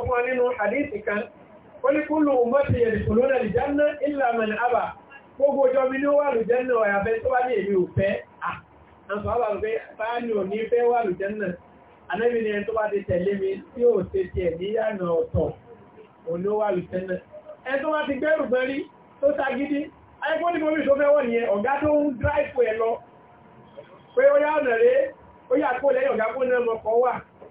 fún wa nínú hadith kan ó ní kúlù ummati yadkhuluna al-janna illa man aba gbogbo ọjọ́ mi ní ó wà lùjẹ́nà ọ̀yàfẹ́ tó wá ní èmi ò fẹ́ àǹfààbà pé báyìí ò ní fẹ́ wà lùjẹ́nà anẹ́bí ni ẹni tó bá ti tẹ̀lé mi tí ó ṣe tiẹ̀ níyànà ọ̀tọ̀ òní ó wà lùjẹ́nà ẹni tó bá ti gbẹ́rù gbọ́n rí tó ṣagídí ayẹ́kọ́ ní mọ́rí tó fẹ́ wọ́n ni ọ̀gá tó ń dráìpù ẹ̀ lọ pé ó yá ọ̀nà rẹ̀ ó yà kó lẹ́yìn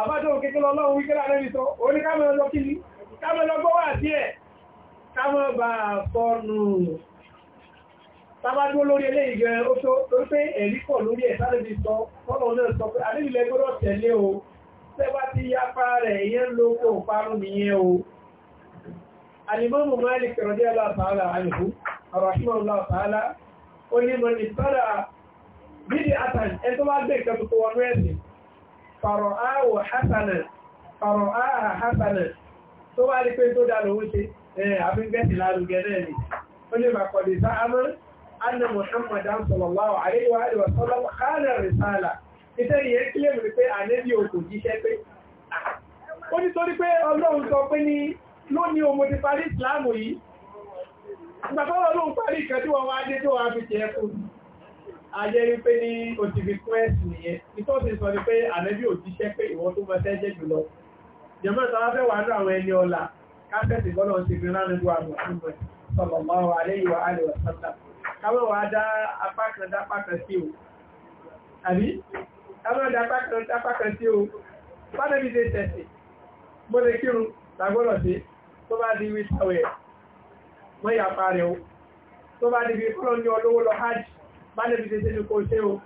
àbájọ́ òkèkèlọ ọlọ́run wíkẹ́ láàrin ìsọ oní kámọ́ lọ kí ní kámọ́ lọ gbọ́wà sí ẹ̀ kámọ́ bà fọ́nù tàbádó lórí eléyìí gẹ ó tó pé ẹ̀rí pọ̀ lórí ẹ̀ sárébí sọ fọ́nà náà sọ pé o tẹ́bá ti yápa rẹ̀ ìyẹn ló kó parun nìyẹn o alimọ́mù máàlì kẹrọ̀dé aláàfààlà àyẹ̀kú ọ̀rọ̀ àṣìmọ̀ aláàfààlà ó ní mọ̀ ní sọ́dà bídí àtàn ẹ tó bá gbé ìkẹ́ pàrọ̀ áwọ̀ hasanà pàrọ̀ áhà hasanà tó wá rí pé tó dá lówó ṣe àfíngẹ́sì lárugẹ náà ni ó lè màkọ̀dé sáàmọ́ anna muhammad sallallahu alaihi wa sallam kánà rìsálà iṣẹ́ ìyẹn kílẹ̀ mi pé ànẹ́bí òkú jíṣẹ́ pé ó ní torí pé ọlọ́run sọ pé ní ayé wípé ní oṣù fi nìyẹn ìtọ́sí sọ ni pé ànẹ́bí ò ti ṣẹ́ pé ìwọ́n tó mọ́ sẹ́jẹ́ jùlọ jẹ́mọ́ ìtawá fẹ́ wà ní àwọn ẹni ọ̀la káfẹ́sì bọ́lọ̀ ti fi ránà ju àwọn ọ̀sùnmọ̀ sallallahu alaihi wa alihi wa sallam káwọ́ wa dá apá kan dá apá kan sí o àbí káwọ́ dá apá kan dá apá kan sí o fádẹ́bí ṣe tẹ̀sì mo lè kírun tàgbọ́lọ̀ sí tó bá di wíṣàwẹ̀ mọ́ ìyàpá rẹ̀ o tó bá di bí kọ́lọ́ ní ọlọ́wọ́ lọ hajj bálẹ̀ bí tẹ́tẹ́ ní kò ṣe o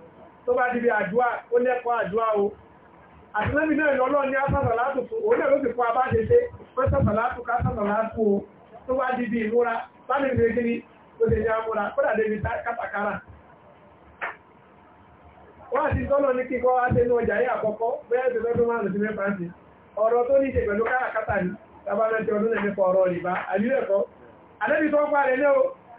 tó bá dìbí àdúà ó lẹ́kọ̀ọ́ àdúà o àtìlẹ́bì náà lọ́lọ́ ní asàtàlátù fún òun náà ló ti fún abáṣeṣe pẹ́sàtàlátù kásàtàlátù o tó bá dìbí ìmúra bálẹ̀ bí tẹ́tẹ́ ní ó ṣe ní amúra kódà débi kátàkárà wọ́n àti tọ́lọ ní kíkọ́ àtẹnu ọjà yìí àkọ́kọ́ bẹ́ẹ̀ tó fẹ́ tó máa lọ sí mẹ́fà sí ọ̀rọ̀ tó ní ṣe pẹ̀lú káràkátà ní tàbí ọdún ẹ̀mẹ́fà ọ̀rọ̀ rìbá àbí ẹ̀kọ́ àdẹ́bí tó ń parẹ́ náà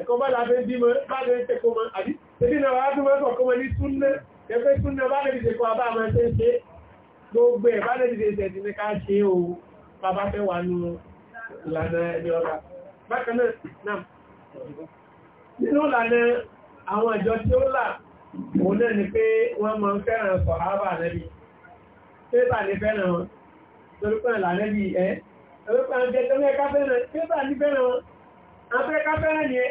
ẹ̀kọ́ bá lábẹ́ bímọ bábẹ́ ń tẹ́kọ́ mọ́ àbí tẹ́bí na wà bí mọ́sàn kọ́mọ ní súnlẹ̀ ẹgbẹ́ súnlẹ̀ bá lè dìde kọ́ abá àmọ́ ṣe ń ṣe gbogbo ẹ̀ bá lè dìde ìṣẹ̀dì ní ká ṣe o bàbá fẹ́ wà nù ìlànà ẹni ọba bákan náà nínú ìlànà àwọn ìjọ tí ó là òun náà ni pé wọ́n máa ń fẹ́ràn sọ̀hábà nẹ́bí pépà ní fẹ́ràn wọn torí pé ìlànà bí ẹ ẹgbẹ́ pàǹkẹ́ tẹ́lẹ̀ ká fẹ́ràn pépà ní fẹ́ràn wọn afẹ́ ká fẹ́ràn yẹn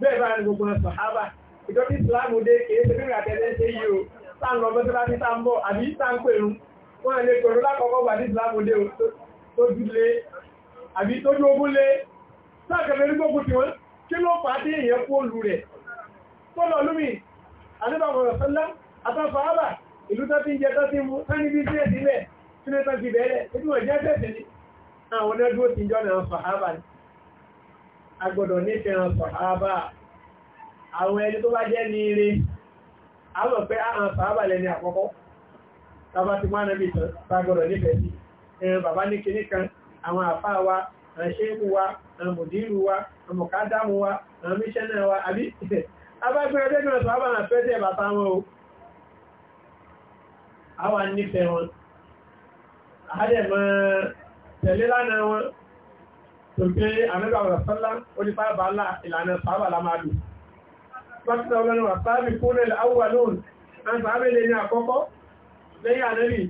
bẹ́ẹ̀ bá ní gbogbo sàhábà ìjọ tí ìsìláàmù dé kìí ṣe bíbí àtẹ́lẹ́ ṣe yìí o tá ń lọ bọ́ síláàmù tá ń bọ̀ àbí tá ń pèrún wọ́n lè pèrún lákọ̀ọ́kọ́ gbà ní ìsìláàmù dé tó dúlé àbí tó dú ogún lé sáàkẹ́fẹ́ ní gbogbo tí wọ́n kí ló fà á dé èèyàn kú olù rẹ̀ fọ́lọ̀ lómi àdébàmọ̀rọ̀ sọ́lá àtàfàábà ìlú tó ti ń jẹ tó ti mú sẹ́ni bí sí ẹ̀sílẹ̀ sínú tó ti agbọ́dọ̀ nífẹ̀ẹ́ sọ̀hábà àwọn ẹni tó bá jẹ́ ní ire àwọn pé àwọn sọ̀hábà lẹ́ni àkọ́kọ́ tàbá ti máa nàbí sàgbọ́dọ̀ nífẹ̀ẹ́ sí ẹran bàbá ní kìíní kan àwọn àfá wa àṣẹ́kù wa wa wa o àwọn nífẹ̀ẹ́ wọn tẹ̀lé lánàá wọn Tòkè àmẹ́bà Rọ̀sánlá onífàbà ńlá ìlànà sábà lámàdù. Pásítà ọlọ́run wà sáàbì kúrẹ̀ àwúwà lóòn, a ń sáàbì lè ní àkọ́kọ́, lẹ́yìn ànẹ́bì,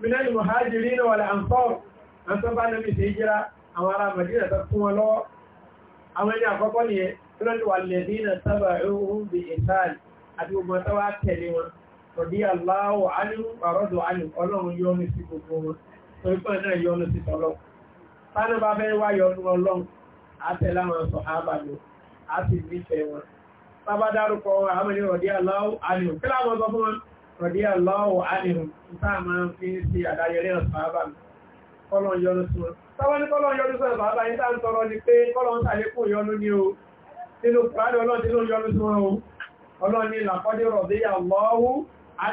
minẹ́lì Mùhájìrí náà wà láàǹsọ́, a ń sábà nẹ́bì sí ìjírá àwọn ará Màdínà tó fún wọn lọ́wọ́. Àwọn ẹni àkọ́kọ́ nìyẹn, tí wọ́n ti wà lè ní ìnà sábà Fáná bá fẹ́ wáyọ̀ ọdún ọlọ́run, a tẹ̀lá wọn sọ àbàlò, a sì nífẹ̀ẹ́ wọn. Bábá dárúkọ wọn, àmì ní rọ̀dí aláwọ̀ ànìhùn. Kí láwọn sọ fún wọn? Rọ̀dí aláwọ̀ ànìhùn, ìta máa ń fi sí àdáyẹrẹ ọ̀sọ̀ àbàlò. Kọ́lọ̀ yọnu sí wọn. Sáwọn ní kọ́lọ̀ yọnu sọ̀rọ̀ bàbá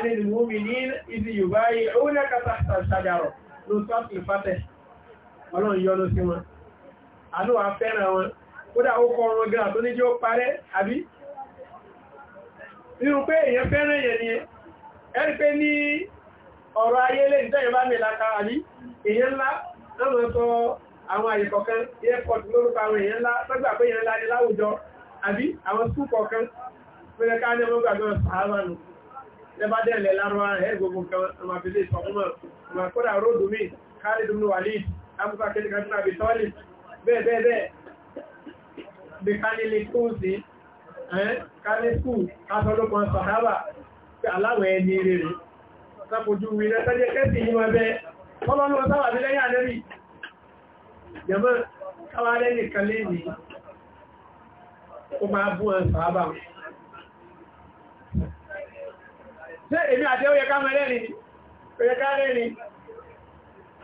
yìí mú mi ní ibi Yorùbá yìí, ó ní ẹ̀ka ọlọ́run yọ́nú sí wọn àdúwà fẹ́ràn wọn kódà ó kọ ọrùn gan tó ní jẹ́ ó parẹ́ àbí nínú pé èyàn fẹ́ràn èyàn ni ẹ̀rí pé ní ọ̀rọ̀ ayé lè tẹ́yìn bá mẹ́laka àbí èyàn ńlá lọ́nà sọ àwọn àyè kọ̀ọ̀kan airport lórúkọ àwọn èyàn ńlá lọ́gbà pé èyàn ńlá ní láwùjọ àbí àwọn skú kọ̀ọ̀kan fẹ́rẹ́ ká ní ọmọ gbàgbọ́n sàárànù lẹ́bàdẹ́lẹ̀ lárọ́ abubakar kẹ́lẹ̀kẹ́ fún àbí tọ́lì bẹ́ẹ̀bẹ́ẹ̀ bí ká nílé skúù sí ká ní skúù kásọ́lọ́pọ̀ sọ̀hábà pé aláwọ̀ ẹni rere sápojú wílẹ̀ tẹ́jẹ́ kẹ́sì yí wọn bẹ́ẹ̀ tọ́lọ́lọ́ sáwà sí lẹ́yìn àdẹ́rì jẹ́mọ́ káwà lẹ́yìn kan lẹ́yìn ó máa bú wọn sọ̀hábà ṣé èmi àti ó yẹ ká mẹ́rẹ́rin ó yẹ ká rẹ́rin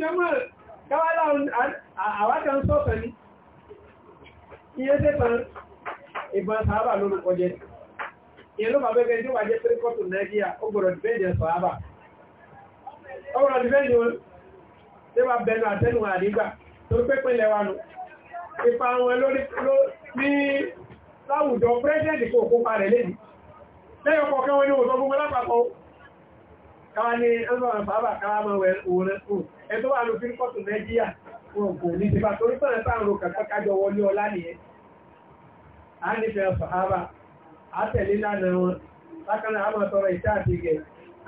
jẹmọ́rẹ̀ káwàlá àwákan sọ́ọ̀tọ̀ ní iye tẹ́tàn ìbọn sàábà lórúkọ jẹ́ ìyẹn ló bàbẹ́gẹ́ tí wà jẹ́ tíríkọ́tù nàíjíríà ó gbọ́dọ̀ dìbẹ́jẹ̀ sàábà ó gbọ́dọ̀ dìbẹ́jẹ̀ tí wà bẹnu àtẹnu àdígbà tó pẹ́pẹ́lẹ̀ wa nù ipa wọn lórí ní láwùjọ pírẹ́sẹ̀dì kò kópa rẹ̀ lẹ́yìn lẹ́yìn ọkọ̀ kẹwọn ní òṣọ́ fún mọ́lápapọ̀ káwà ní ọlọ́run bàbá káwà mọ̀ wẹ̀rẹ̀ ẹ̀ tó wà ní fíríkọ́tù nàìjíríà wọn kò ní ti bá torí pẹ̀lẹ̀ tá à ń ro kàkà kájọ wọlé ọlá nìyẹn a nífẹ̀ẹ́ sàhábà a tẹ̀lé lánàá wọn bákan náà a máa tọrọ ìta àti ìgẹ̀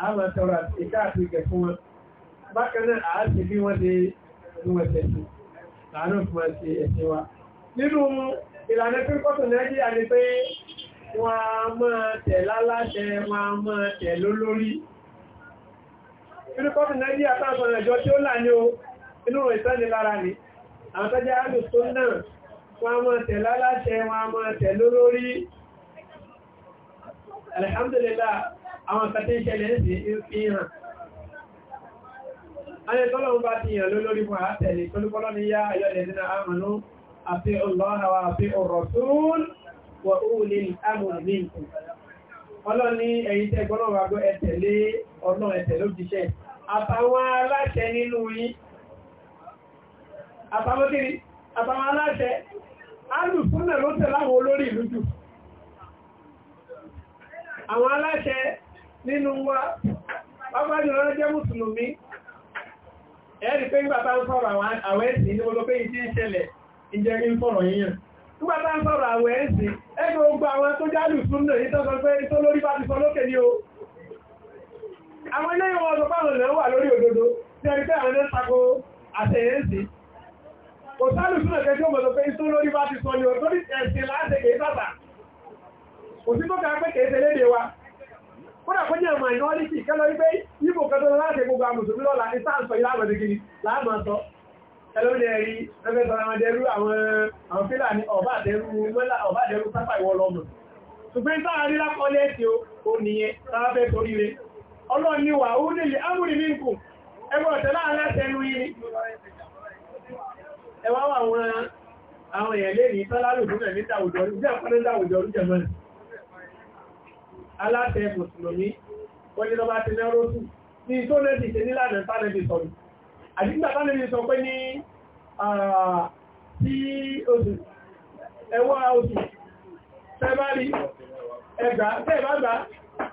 a máa tọrọ ìta àti tẹ̀ láláṣẹ wọn a tẹ̀ lólórí inú kọ́fì náà bí àtàkùn ẹ̀jọ tí ó là ní o inú rẹ̀ sẹ́ni lára ní àwọn tọ́já alùsọ náà wọ́n a máa tẹ̀ láláṣẹ wọ́n a máa tẹ̀ lólórí alhamdulillah àwọn kàtí ìṣẹ̀lẹ̀ ń sí fi hàn ayẹ tọ́lọ̀ bá ọlọ́ni ẹ̀yin tẹ́ gbọ́nà wà gbọ́ lé ọ̀nà ẹ̀tẹ̀lé òjíṣẹ́ àtàwọn aláṣẹ nínú àtàwọn aláṣẹ àwọn aláṣẹ nínú wa pápájú lọ́nà jẹ́ mùsùlùmí ẹ̀rí pé ń ń fọ́rọ̀ àwọn ẹ̀sìn ní gbogbo pé ìdí ìjẹ́ nígbàtà ń sọ̀rọ̀ àwọn ẹ̀ẹ́sì ẹgbẹ́ ogbà àwọn tó jálù súnnà yìí tọ́sọ pé tó lórí bá ti sọ lókè ní o àwọn ilé ìwọ̀n ọ̀sọ̀ pàwọn ìlẹ̀ wà lórí òdòdó tí ẹni pé àwọn ẹ̀ẹ́sàkó àtẹ̀ẹ́sì kò sálù o a. kódà kó ìnáwó ní kí ìkẹ́lọ́ yíbò láti gbogbo àmùsùn lọ́la ẹlóòlẹ̀ rí ẹgbẹ́ sọ àwọn ẹdẹrú àwọn fílà ní ọba àdẹrú pápá ìwọ lọ́mọ̀ ṣùgbẹ́ sáàrí lápọ́lẹ̀ tí ó nìyẹn sáàfẹ́ torí rẹ̀ ọlọ́niwà ó nílé ámúrí mínkù ẹgbẹ́ ọ̀tẹ́ láàrín àtẹnu yìí ẹwà àwọn àwọn èèyàn lè ní sọ́lárù fún ẹ̀mí dáwùjọ́rú jẹ́ àpọ́lẹ́ dáwùjọ́rú jẹ́mọ́ aláṣẹ mùsùlùmí wọ́n ni lọ́bá ti náà rótù ní tó lẹ́sì ṣe nílànà tánẹ́bì sọ̀rọ̀ àdígbà tánà lè sọ pé ní tí oṣù ẹwà oṣù tẹ́bárí ẹgbà tẹ́bàgbà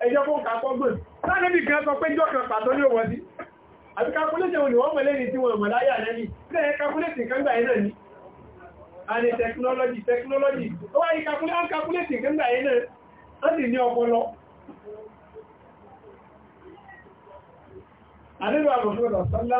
ẹjọ́ fún kàpọ́gbọ̀n tánà lè gan sọ pé jọ́ kan pàtó ní òwọ́ sí àti kàpúlẹ̀tì òní wọ́n mọ̀lẹ́ ní tí wọ́n mọ̀ láyà lẹ́ni tẹ́ẹ̀ kàpúlẹ̀tì kan gbà ẹ̀nà ni a ní tẹkinọ́lọ́jì tẹkinọ́lọ́jì ó wáyé kàpúlẹ̀tì kan gbà ẹ̀nà ó sì ní ọpọlọ Adébà Mọ̀sílọ́dọ̀ Sọ́lá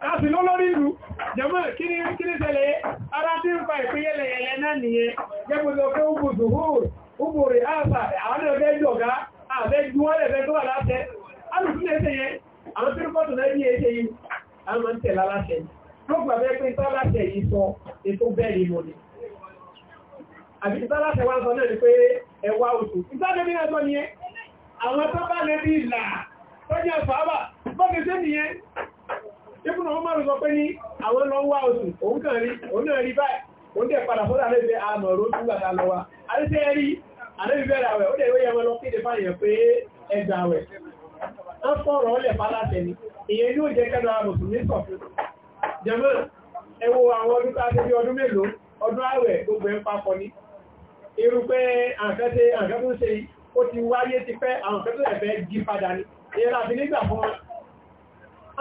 a sì ló lórí ìlú jẹmọ́ kí ní ṣẹlẹ̀ ara tí ń fa ìpínyẹlẹ̀ yẹlẹ náà nìyẹn jẹ́gbùsọ pé ubùsù húrù àṣà àwọn ẹgbẹ́ jọ̀gá àfẹ́ juwọ́lẹ̀ fẹ́ tó wà láṣẹ àwọn tí ó pọ̀tù náà ní ẹṣẹ́ yìí a máa ń tẹ̀lá láṣẹ tó gbàgbé pé tálàṣẹ yìí sọ ètò bẹ́ẹ̀lì mọ̀ ní àbí tálàṣẹ wá sọ náà ni pé ẹwà oṣù ìtàdé bí ẹjọ́ ni ẹ àwọn tó bá lè rí ìlà tọ́jú ẹ̀fà Ibùnà ọmọ rẹ̀ sọ pé ní àwọn lọ wá oṣù, òun kàn rí, òun náà rí báyìí, òun dẹ̀ padà fọ́lá lẹ́gbẹ̀ẹ́ àmọ̀ ró tún gbàtà lọ wa. Adéṣẹ́ rí, àdébí bẹ̀rẹ̀ àwẹ̀, ó dẹ̀ wé yẹmọ lọ kéde fáyẹ̀ pé ẹgbà àwẹ̀. Wọ́n fọ́rọ̀ ọlẹ̀ fálátẹ̀ ni, èyàn ní ó jẹ́ kẹ́dọ̀ àmọ̀ sùn ní sọ̀fún. Jẹ́mọ́, ẹ wo àwọn ọdún tá a ti bí ọdún mélòó, ọdún àwẹ̀ gbogbo ẹ̀ ń papọ̀ ni. Irú pé àǹkẹ́ tó ń ṣe ó ti wáyé ti pẹ́ àwọn ọ̀kẹ́ tó ẹ̀fẹ́ jí padà ní. Ìyẹn láti nígbà fún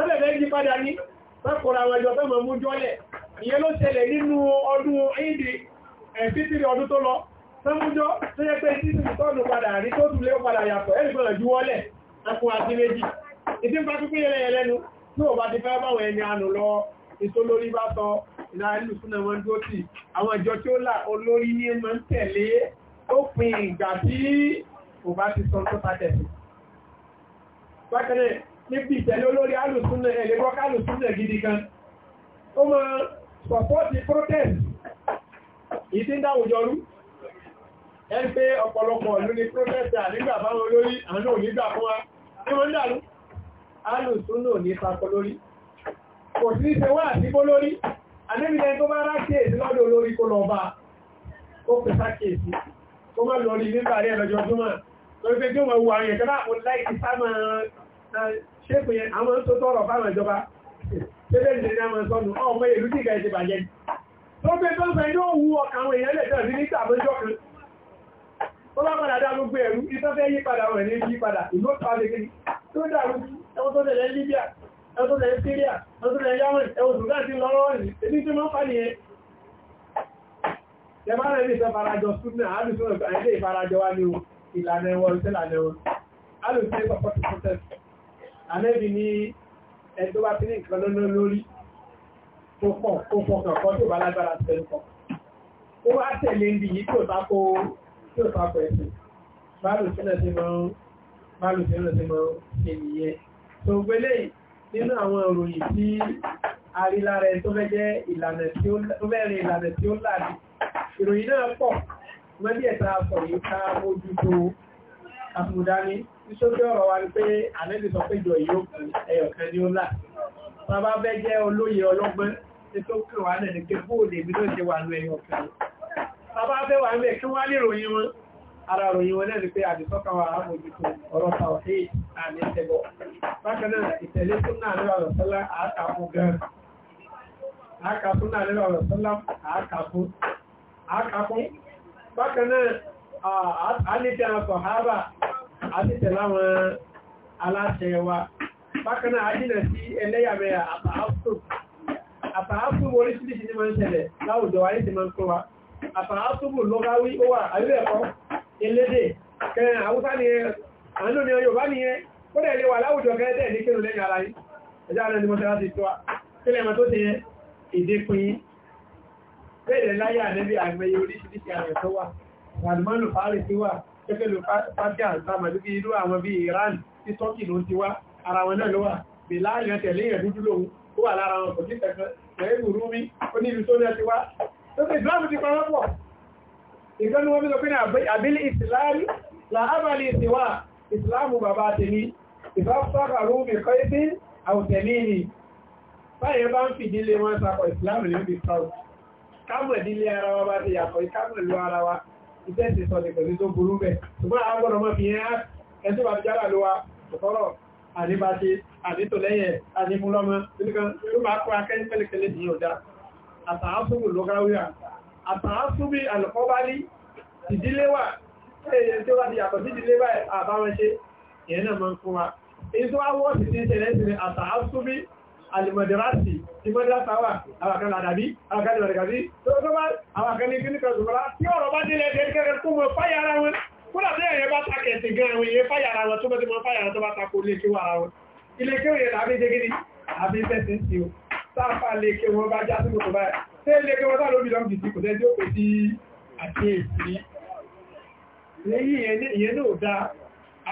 ọ̀bẹ̀bẹ̀ yí padà ní mẹ́kọ̀ọ́ra àwọn ẹjọ́ tọ́mọ̀ mú jọ́lẹ̀ ìyẹn ló ṣẹlẹ̀ nínú ọdún ìdí ẹ̀fífìrí eh, ọdún tó lọ sẹ́mújọ́ tó yẹ pé títí tọ́nù padà rí tó tún lé ó padà yàtọ̀ ẹ̀rìgbọ́n juwọ́lẹ̀ ẹkùn àti méjì ìdí bá pípé yẹlẹ yẹlẹnu tí ò bá ti fẹ́ báwọn ẹni ànù lọ ètò lórí bá sọ níbi ìtẹ̀lé olórí alùsúnnà ẹ̀lẹ́gbọ́ká alùsúnnà gidi kan ó ma sọ̀pọ̀tì protest ìdíndà òjọrú ẹ́ pé ọ̀pọ̀lọpọ̀ ìlú ni protesta nígbà báwọn olórí àánú nígbà fún wa tí wọ́n dàrú alùsúnnà ní sàkọ lórí kò sí ṣe wá àtíkó lórí anẹ́bìnrin tó bá rákèèsí lọ́dọ̀ olórí kó lọ bá ó pè sákèèsí kó má lọ rí nígbà rẹ̀ lọ́jọ́ júmọ̀ lórí pé ṣépù yẹn àwọn tó tọrọ fáwọn ìjọba tẹ́lẹ̀ ìdílé a àwọn sọ́nù ọmọ ìlú tí ìgbẹ̀ẹ́ ti bàjẹ́ tó gbé tó ń sọ inú òwú ọkàn àwọn èèyàn lè tẹ̀ sí níta àbójọ́ kan tó bá padà dá gbogbo ẹ̀rú ìtọ́ fẹ́ yí padà wọ̀n ní yí padà ìlú tó alẹ́gbẹ́ tó dàrú ẹwọ́n tó tẹ̀lẹ̀ Libya ẹwọ́n tó tẹ̀lẹ̀ Syria ẹwọ́n tó tẹ̀lẹ̀ Yemen ẹwọ́n tó láti lọ́rọ́ rìn èdè tí wọ́n fàní yẹn tẹ máa rẹ̀ ní sọ farajọ súnmọ́ àádùsọ́rọ̀ àìdẹ́ ìfarajọ wá ní ìlànà ẹwọ́n tẹ́lànà ẹwọ́n alùsẹ́ pọ̀pọ̀ tó tẹ́lẹ̀ anẹ́bì ní ẹjọ́ bá ti ní nǹkan lọ́nà lórí tó pọ̀ kó fọkàn kan tó bá lágbára tẹ̀lé kan ó wá tẹ̀lé níbi yìí tó tako tó tako ẹ̀sìn báàlù sílẹ̀ sí mọ́ báàlù sílẹ̀ sí mọ́ ènìyàn tó gbélé nínú àwọn ìròyìn tí a rí lára ẹ̀ tó fẹ́ jẹ́ ìlànà tí ó mẹ́rin ìlànà tí ó láàdì ìròyìn náà pọ̀ mọ́dí ẹ̀ta sọ̀rọ̀ yìí ká mójútó àfúdání ìṣókè ọ̀rọ̀ wa ni pé ànẹ́bì sọ pé ìjọ yóò ẹyọ̀kan ní ó là bàbá bẹ́ jẹ́ olóye ọlọ́gbọ́n tí tó kí wà nẹ̀ ní pé bóòlù èmi ló ṣe wà ní ẹyọ̀kan bàbá bẹ́ wà kí wọ́n ròyìn wọn ara ròyìn wọn náà ni pé àdìsọ́kàn ọ̀rọ̀ àmì ìtẹ̀bọ̀ bákan náà ìtẹ̀lé àtìtẹ̀láwọn aláṣẹ wa bákanáà ajínà sí ẹlẹ́yàmẹ́yà àpàáfún oríṣìíríṣìí ní máa ń ṣẹlẹ̀ láwùjọ ayé ti máa ń kọ́ wa àpàáfún lọ́gáwí ó wà àríwẹ̀kọ́ elédè kẹrin àwúsá ni àánú ni Yorùbá ni ẹ ó dẹ̀ lè wà láwùjọ kẹ́ẹ̀tẹ̀ ní kírun lẹ́yìn ara yìí ẹjá rẹ̀ ni mọ́sára ti tọ́ kílẹ̀ mọ́ tó ti yẹ ìdípin bẹ́ẹ̀ láyé ànẹ́bí àgbẹ̀yẹ oríṣìíríṣìí àrẹ̀ tó wà ràdùmánù fàárì tó wà gẹ́gẹ́ ló Persia sáàmà lókè irú àwọn bí Iran tí Turkey ló ti wá ara wọn náà ló wà Bilal yẹn tẹ̀lé yẹn dúdú lòun ó wà lára wọn kò sí kankan lẹ́yìn Rúmi ó ní ìlú tó náà ti wá lókè Islam ti parọ́ pọ̀ ìgbẹ́nu wọn bí lọ pé ní àbílẹ̀ ìsìláàrí làábàlì ìsìwà Islam bàbá tèmi ìfàfàfà Rúmi kọ́ ìsìn àwùtẹ̀mí ni báyẹ̀ bá ń fìdílé wọn sapọ̀ Islam ní ibi South kámọ̀ ìdílé ara wa bá ti yàtọ̀ ìkámọ̀ ìlú ara wa iṣẹ́ ti sọ nìkan ní tó burú bẹ̀ ṣùgbọ́n àwọn gbọ́dọ̀ mọ́ fi yẹn á ẹtí bá jára ló wa ọ̀tọ́rọ̀ àdébáṣe àdétò lẹ́yẹ̀ àdéfúnlọ́mọ nìkan ló máa kó akẹ́yìn pẹ́lẹ́kẹ́lẹ́ ní ọjà bá ti yàtọ̀ alìmọ̀dẹ̀rásì ti mọ́dẹ̀rásà wà àwàkan àdàbí àwàkan ìwàdìgàbí tó tó bá àwàkan ní kíníkà ṣùgbọ́n tí ọ̀rọ̀ bá délẹ̀ ẹgbẹ̀rẹ̀ kẹ́kẹ́ kó mọ fáyàrá wọn kúrò tí ẹ̀yẹ bá takẹ̀ẹ̀sì gan àwọn èyẹ fáyàrá wọn tó bẹ́ ti mọ fáyàrá tó bá takò lè kí wàrà wọn ilé kí òye tàbí jẹgídí àbí tẹ́sí sí o sáfà lè kí wọn bá já sí mọ́tò báyìí tẹ́ ilé kí wọn sáà lóbi lọ́mùdì sí kò tẹ́ tí ó pè sí àkíyèsí lẹ́yìn ìyẹn náà dáa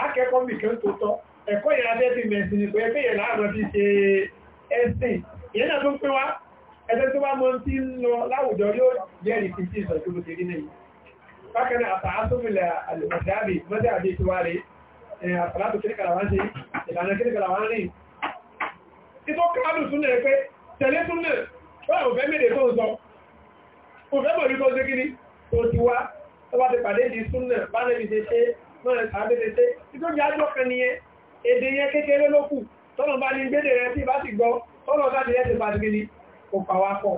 akẹ́kọ̀ọ́ mìkan tó tọ́ ẹ̀kọ́ ìyàbẹ́ ti mẹ̀sìn ìpẹ́ pé yẹ̀ láàrín fi ṣe ẹ̀sìn ìyẹn náà tó ń pín wá ẹgbẹ́ tó bá mọ́ tí ń lọ láwùjọ yóò jẹ́rìí fi sí ìsọ̀tí bó ti rí nìyí bákan náà àtàá tó fi lẹ̀ àlùmọ̀dáàbì mọ́dé àbí ti wá rèé àtàlá tó kérékàlà wá ń ṣe ìlànà kérékàlà wá ń rìn tí tó káàlù tún náà pé tẹ̀lé tún náà wọ́n ò fẹ́ mèdè tó ń sọ kò fẹ́ mọ̀ ní tó ń ṣe kí ni tó ti wá tó bá ti pàdé di tún tọ́nà bá ní gbédè rẹ̀ tí bá ti gbọ́ tọ́nà bá ti rẹ̀ ti pàdé ní kò pàwápọ̀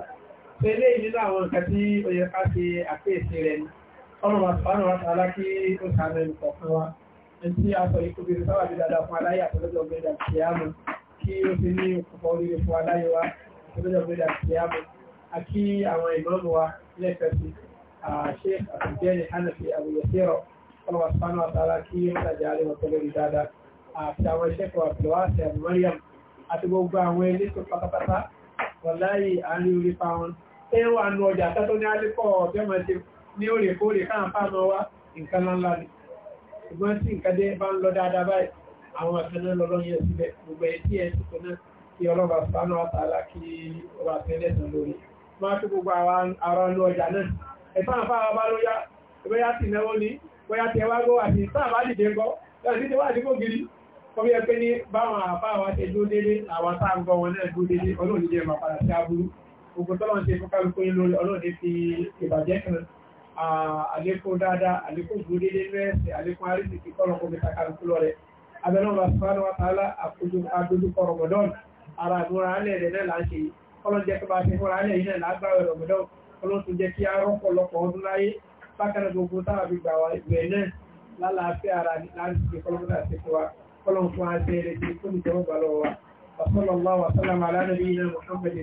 tẹ́lẹ̀ nínú àwọn nǹkan tí ó yẹ ká ṣe àpéèsí rẹ̀ ní ọ̀nà wàtàlá kí ó a sọ ikú bíi sáwà bí dáadáa fún aláyé àtọ́lọ́jọ́ gbéra kìíyàmù kí ó ti ní òkùnkọ̀ oríire fún aláyé wa àtọ́lọ́jọ́ gbéra kìíyàmù àti àwọn ìmọ̀ọ́mù wa lẹ́fẹ̀ẹ́sì àṣẹ àtúnjẹ́ni hanafi àbúyẹ̀sẹ̀rọ̀ ọ̀nà wàtàlá kí ó sàjẹ́ àlẹ́ wọn àti àwọn ṣẹ́kọ̀ọ́ àbúlọ́wà àti àmúmọ́ríàm àti gbogbo àwọn ilé tó pátápátá wọ̀láyì àárín orí pa wọn tẹ́ wà nù ọjà tọ́tọ́ ní alẹ́kọ̀ ọ̀bẹ́mọ̀ ti ní òrèkóòrè káàpá mọ́ wá nǹkan ńlá ni ṣùgbọ́n tí nǹkan dé bá ń lọ dáadáa báyìí àwọn àfẹ́nà lọ́lọ́yẹ síbẹ̀ gbogbo ẹ̀tí ẹ̀ tó náà kí ọlọ́ba sánú àtàlá kí ọba àfẹ́lẹ́sàn lórí máa tó gbogbo ara ní ọjà náà ẹ̀fà àfáà bá lóyá bóyá ti náwó ní bóyá ti ẹwà gbówà sí sáàbá dìde ń gọ́ Ọbí ẹgbẹ́ ní báwọn àfáà wá ṣe dúó dédé, àwọn táà ń gọ wọn náà dúó dédé, ọlọ́run jẹ́ máa padà sí aburú. Ogun tọ́lọ́run ṣe fún kálukú yín lórí ọlọ́run fi ìbàjẹ́ kan àlékún dáadáa, àlékún dúó dédé mẹ́ẹ̀sì, àlékún àríṣìkì tọ́lọ́kọ́ mi ta kálukú lọ́rẹ̀. Abẹ́nà wa sọ́nà wa tààlà àdójúkọ Rọ̀mọ̀dọ́n, ara àdúrà alẹ́ rẹ̀ náà là ń ṣe. Ọlọ́run jẹ́ kí bá ṣe fúnra alẹ́ yìí náà lágbàwẹ̀ Rọ̀mọ̀dọ́n, ọlọ́run fún àṣẹ rẹ̀ tí kún ìjọba lọ́wọ́ wa وصلى الله وسلم على نبينا محمد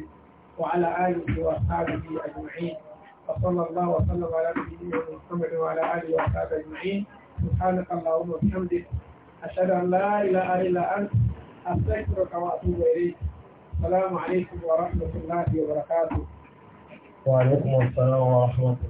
وعلى آله وصحبه أجمعين وصلى الله وسلم على نبينا محمد وعلى آله وصحبه أجمعين سبحانك اللهم وبحمدك أشهد أن لا إله إلا أنت أستغفرك وأتوب إليك السلام عليكم ورحمة الله وبركاته وعليكم السلام ورحمة الله